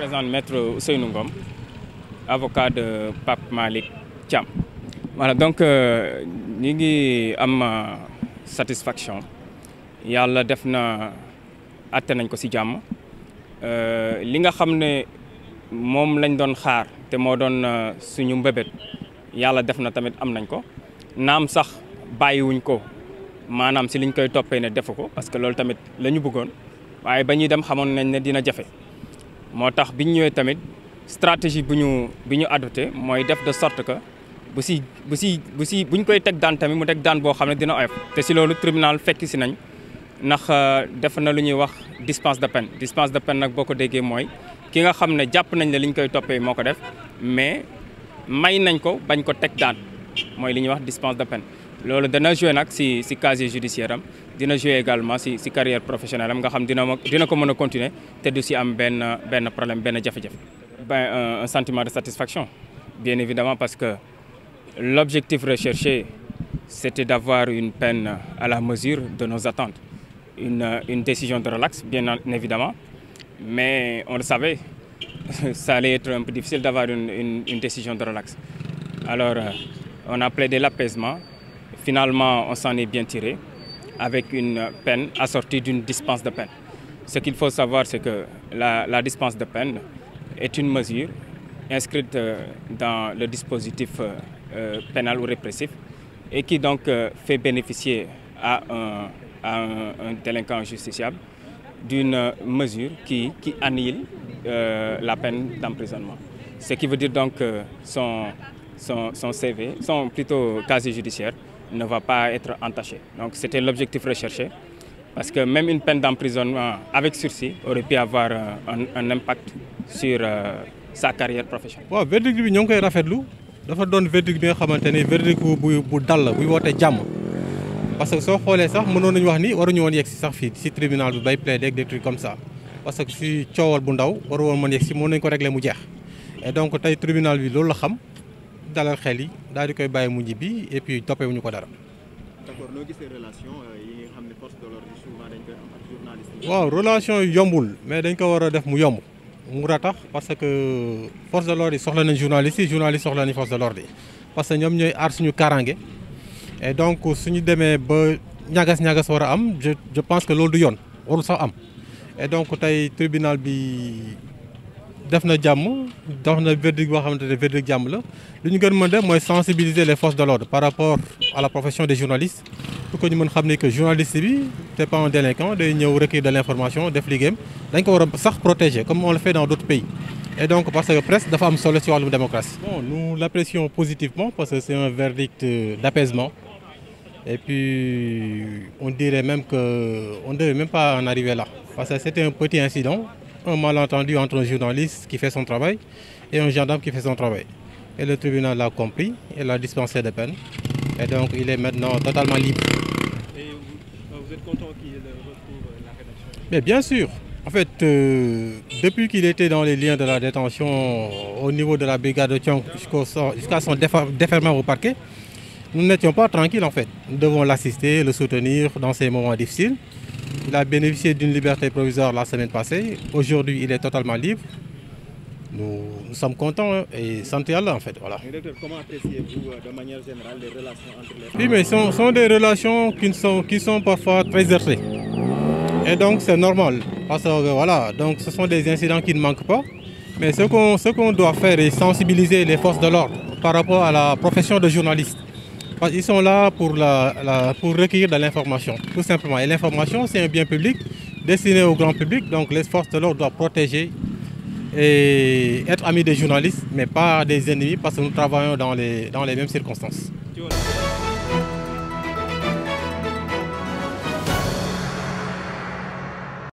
présente maître Ousseynou Ngom, avocat de Pape Malick Thiam. Voilà, donc euh, ñu ngi am euh, satisfaction yàlla def na àtte nañ ko si jàmm euh, li nga xam ne moom lañ doon xaar te moo doon suñu mbébét yàlla def na tamit am nañ ko naam sax wuñ ko maanaam ci liñ koy toppee ne defu ko parce que loolu tamit la ñu bëggoon waaye ba ñuy dem xamoon nañ ne dina jafe. moo tax bi ñu ñëwee tamit stratégie bu ñu bi ñu adopté mooy def de sorte que bu si bu si bu si bu ñu koy teg daan tamit mu teg daan boo xam ne dina oyof. te si loolu tribinal fekk si nañ ndax euh, def na lu ñuy wax dispense de peine dispense de peine nag boo ko déggee mooy ki nga xam ne jàpp nañ ne li ñu koy toppee moo ko def mais may nañ ko bañ ko teg daan mooy li ñuy wax dispense de peine. loolu dana joué nag si si casier judiciaire am dina joué également si si carrière professionnelle am nga xam dina dina ko mën te du si am benn benn problème benn jafe-jafe. ben un sentiment de satisfaction bien évidemment parce que l'objectif recherché c'était d'avoir une peine à la mesure de nos attentes une une décision de relax bien évidemment mais on le savait ça allait être un peu difficile d'avoir une, une une décision de relax alors euh, on a plaidé l'apaisement Finalement, on s'en est bien tiré avec une peine assortie d'une dispense de peine. Ce qu'il faut savoir, c'est que la, la, dispense de peine est une mesure inscrite euh, dans le dispositif euh, euh, pénal ou répressif et qui donc fait bénéficier à un, à un, un délinquant justiciable d'une mesure qui, qui annihile euh, la peine d'emprisonnement. Ce qui veut dire donc que son, son, son CV, son plutôt casier judiciaire, ne va pas être entaché. Donc c'était l'objectif recherché, parce que même une peine d'emprisonnement avec sursis aurait pu avoir euh, un, un impact sur euh, sa carrière professionnelle. waaw verdict bi ñoo ngi koy rafetlu dafa doon verdict bi nga xamante ni verdict bu bu dal la buy wootee jàmm parce que soo xoolee sax mënoon nañu wax ni waruñu woon yegg si sax fii si tribunal bi bay plaider ak des comme ça parce que si coowal bu ndaw waru woon mën yegg si mën nañ ko régler mu jeex et donc tey tribunal bi loolu la xam. dalal xel yi daal di koy bàyyi mu ñibbi et puis toppewuñu ko dara. d'accord noo gisee euh, ne force de l'ordre souvent waaw relation yi yombul mais dañ ko war a def mu yomb mu ratax parce que force de l'ordre yi soxla nañ journaliste yi journaliste soxla nañ force de l'ordre parce que ñoom ñooy aar suñu kaaraange et donc suñu demee ba ñagas-ñagas war a am je je pense que loolu du yoon warul sax am et donc tey tribunal bi def na jàmm. dox na verdict boo xamante ne verdict jàmm la lu ñu gën mën def mooy sensibiliser les forces de l'ordre par rapport à la profession des journalistes pour que ñu mën xam ne journaliste bi c'est pas un délinquant day ñëw recueillir de l'information def liggéeyam dañ ko war a sax protéger comme on le fait dans d'autres pays et donc parce que presse dafa am solo ci wàllum démocratie bon nous positivement parce que c'est un verdict euh, d'apaisement un malentendu entre un journaliste qui fait son travail et un gendarme qui fait son travail. Et le tribunal l'a compris et l'a dispensé de peine. Et donc il est maintenant totalement libre. Et vous, euh, vous êtes content qu'il retrouve euh, la rédaction Mais bien sûr. En fait, euh, depuis qu'il était dans les liens de la détention euh, au niveau de la brigade de Thion jusqu'à son, jusqu son déferment au parquet, nous n'étions pas tranquilles en fait. Nous devons l'assister, le soutenir dans ces moments difficiles. Il a bénéficié d'une liberté provisoire la semaine passée. Aujourd'hui, il est totalement libre. Nous, nous sommes contents et santé Allah en fait. Voilà. Directeur, comment appréciez-vous euh, de manière mais sont, des relations qui sont, qui sont parfois très heurtées. Et donc c'est normal. Parce que euh, voilà, donc ce sont des incidents qui ne manquent pas. Mais ce qu'on qu doit faire sensibiliser les forces de l'ordre par rapport à la profession de journaliste. Parce qu'ils sont là pour, la, la, pour recueillir de l'information, tout simplement. Et l'information, c'est un bien public destiné au grand public, donc les forces de l'ordre doivent protéger et être amis des journalistes, mais pas des ennemis, parce que nous travaillons dans les, dans les mêmes circonstances.